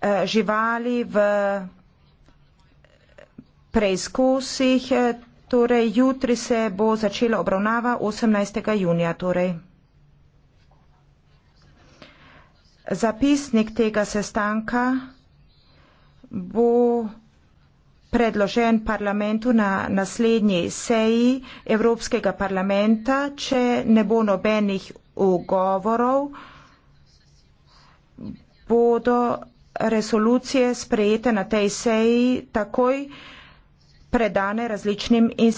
Eh, živali v preizkusih. Eh, torej, jutri se bo začela obravnava 18. junija. Torej. Zapisnik tega sestanka bo predložen parlamentu na naslednji seji Evropskega parlamenta, če ne bo nobenih ugovorov, bodo resolucije sprejete na tej seji takoj predane različnim institucijam.